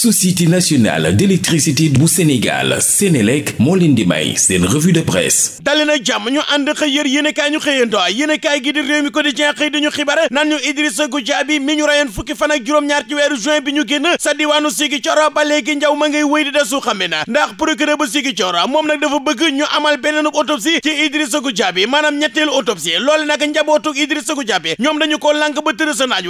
société nationale d'électricité bu Sénégal Sénélec moo leen di may seen revue de presse dali na jàmm ñu ànd xëy yër yéen kaay ñu xëyanto yéen kaay gi di réew mi quotidien xëy di ñu xibaar naan ñu Idrissa Goudiaby mi ñu reyoon fukki fan ak juróom-ñaar ci weeru juin bi ñu génn sa diwaanu Ziguinchor ba léegi njaw ma ngay wéy di desu xame na ndax procureur bu Ziguinchor moom nag dafa bëgg ñu amal beneen autopsie ci Idrissa Goudiaby maanaam ñetteelu autopsie loolu nag njabootu Idrissa Goudiaby ñoom dañu ko lànk ba tërë sa naaj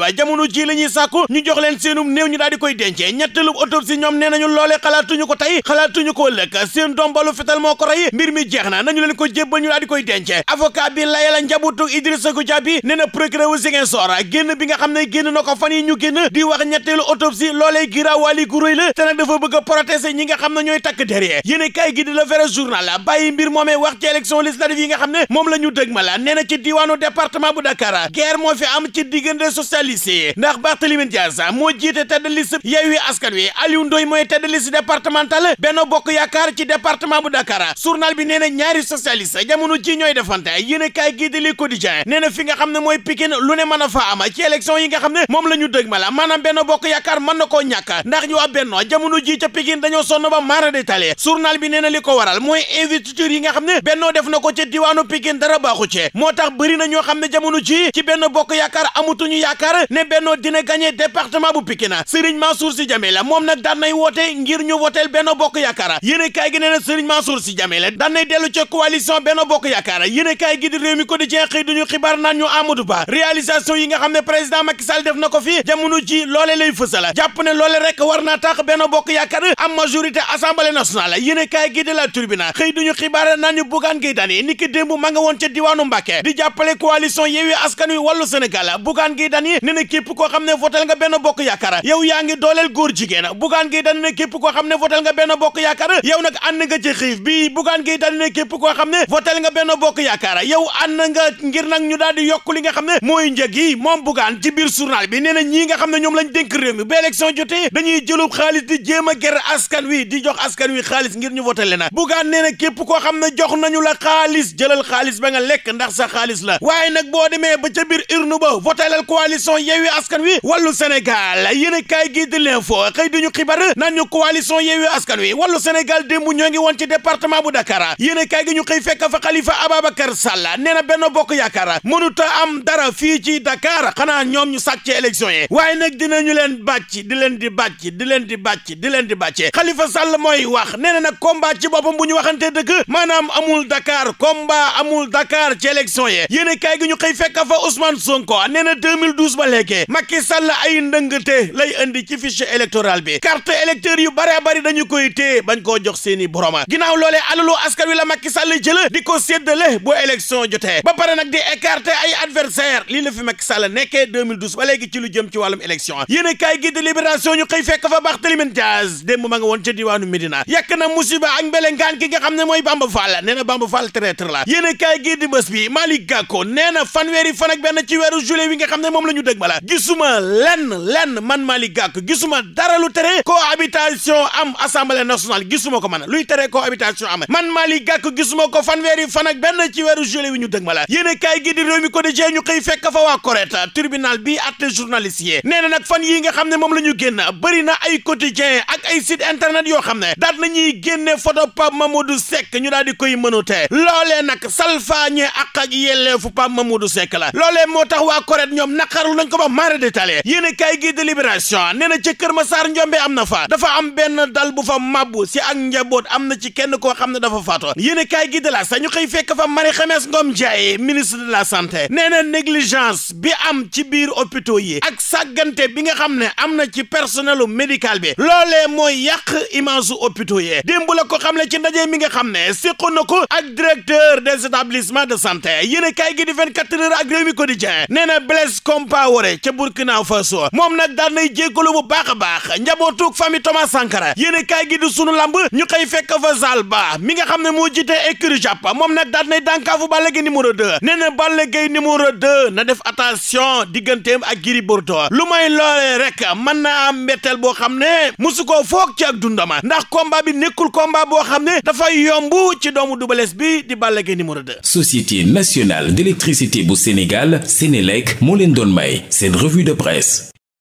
ji la ñuy sàkku ñu jox leen seenum néew ñu daal di koy dencee ñetteelu autopsie ñoom nee nañu loolee xalaatuñu ko tey xalaatuñu ko ëllëg seen doom balu fetal moo ko rey mbir mi jeex na nañu leen ko jébbal ñu daal di koy denc avocat bi layala njabootu Idrissa Goudiaby nee na procureur wu Ziguinchor génn bi nga xam ne génn na ko fan yi ñu génn di wax ñetteelu autopsie loolee giraawaali gu rëy la te nag dafa bëgg a protéger ñi nga xam ne ñooy takk derrière yéen kaay gi di la vrai journal bàyyi mbir moomee wax ci élection législative yi ne moom la ñu dëg ma la nee na ci diwaanu département bu Dakar guerre moo fi am ci diggante socialiste yi ndax Barthélémy Dias moo jiite tête de liste Yewwi Askan Wi Aliou Ndoye mooy tête de liste départementale Benno Bokk Yaakaar ci département bu Dakar journal bi nee na ñaari socialiste jamono ji ñooy defante yéenekaay gi di Le Quotidien nee na fi nga xam ne mooy Pikine lu ne mën a fa ci élection yi nga xam ne moom la ñu dëg ma la maanaam Bokk Yaakaar mën na koo ñàkk ndax ñu waa Benno jamono ji ca Pikine dañoo sonn ba maara de tale journal bi nee na li ko waral mooy investiture yi nga xam ne Benno def na ko ca diwaanu Pikine dara baaxu ci moo tax bëri na ñoo xam ne jamono ji ci Benno Bokk Yaakaar amutuñu yaakaar ne Benno dina gagner département bu Pikine Serigne Mansour Sy Djamila moom nag daan nay woote ngir ñu woteel Benno Bokk Yaakaar yéene kaay yi nga xam ne président Macky Sall def na ko fi jamono ji loole lay fësal jàpp ne loole rek war naa tax Benno Bokk Yaakaar am majorité assemblée nationale yéene kaay gi de la Tribune xëy duñu xibaar naan ñu Bougane Gueye Dany niki démb ma nga woon ca diwaanu koo xam ne votel nga Benno Bokk Yaakaar yow yaa ngi dooleel góor jigéen bugaan gi daan ne képp koo xam ne votel nga benn bokk yaakaar yow nag ànd na ci xiif bi bugaan gi daan ne képp koo xam ne votel nga benn bokk yaakaar yow na nga ngir nag ñu daal di yokk li nga xam ne mooy njëg yi moom bugaan ci biir journal bi nee na ñii nga xam ne ñoom lañu dénk réew mi ba élection jotee dañuy jëlub xaalis di jéem a ger askan wi di jox askan wi xaalis ngir ñu votel na bugaan nee na képp koo xam ne jox nañu la xaalis jëlal xaalis ba nga lekk ndax sa xaalis la waaye nag boo demee ba ca biir urne ba votelal coalition Yewwi Askan Wi wàllu Sénégal yéen gi di l'info xëy li ñu xibar naan ñu coalition Yewwi Askan Wi wàllu Sénégal démb ñoo ngi woon ci département bu Dakar yene kaay gi ñu xëy fekk fa Khalifa Ababacar Sall nee na Benno Bokk Yaakaar ta am dara fii ci Dakar xanaa ñoom ñu sàcc ci élection yi waaye nag dinañu leen bàcc di leen di bàcc di leen di bàcc di leen di bàcce xalifa Sall mooy wax nee na nag combat ci boppam bu ñu waxante dëgg maanaam amul Dakar combat amul Dakar ci élection yi yéene kaay gi ñu xëy fekk fa Ousmane Sonko nee na 2012 ba léegi Macky Sall ay ndëngte lay indi ci fichier électoral bi bi carte électeur yu baree bari dañu koy téye bañ koo jox seeni boroma ginnaaw loolee alalu askan wi la Macky Sall jëla di ko séddale bu élection jotee ba pare nag di écarter ay adversaire lii la fi Macky Sall nekkee 2012 ba léegi ci lu jëm ci wàllum élection yéen kaay gi de libération ñu xëy fekk fa Barthélémy Dias démb ma nga woon ca diwaanu Médina yàq na musiba ak mbelengaan ki nga xam ne mooy Bamba Fall nee Bamba Fall traître la yéen kaay gi di bés bi Malick Gakou nee na fanweeri fan ak benn ci weeru juillet wi nga xam ne moom la ñu dëg bala gisuma lenn lenn man Malick Gakou gisuma tere cohabitation am assemblée gis gisuma ko man luy tere cohabitation am man Malick Gakou gisuma ko fan fan ak benn ci weeru juillet wi ñu dëg ma la yéen a kaay gi di réew mi ko di jee ñu xëy fekk fa waa Corrèze tribunal bi atte journaliste yi nee na fan yi nga xam ne moom la ñu génn bëri na ay quotidien ak ay site internet yoo xam ne daat nañuy génne photo Pape Mamadou Seck ñu daal di koy mënute loolee nag salfaañe ak ak yelleefu Pape Mamadou Seck la loolee moo tax waa Corrèze ñoom naqarlu nañ ko ba mara détaillé yéen a kaay gi de Libération nee na ca Kër Massar njombe am na fa dafa am benn dal bu fa mabbu si ak njaboot am na ci kenn koo xam ne dafa faatoo yéen kaay gi de la sax ñu xëy fekk fa Marie Khemesse Ngom Ndiaye ministre de la santé nee na bi am ci biir hôpitaux yi ak sàggante bi nga xam ne am na ci personel médical bi loolee mooy yàq image su hôpitaux ye démb la ko xam na ci ndaje mi nga xam ne seqoon na ko ak directeur des de santé yéen a kaay gi di 24 heures ak Rewmi Quotidien nee na Blaise Compaoré ca Burkina Faso moom nag daan nay jéggalu bu baax a baax njabootug famille Thomas Sankara yéen a kaay sunu lamb ñu xëy fekk fa Zalba mi nga xam ne moo jiite écurie Japp moom na daan nay dànkaafu Balla Gaye numéro 2 nee na Balla Gaye numéro 2 na def attention digganteem ak Gris Bordeaux lu may loolee rek mën naa am boo xam ne musu ko foog ca dundama ndax combat bi nekkul combat boo xam ne dafay yomb ci doomu Double bi di Balla numéro 2. société nationale d'électricité bu Sénégal Sénélec moo leen doon may seen revue de presse.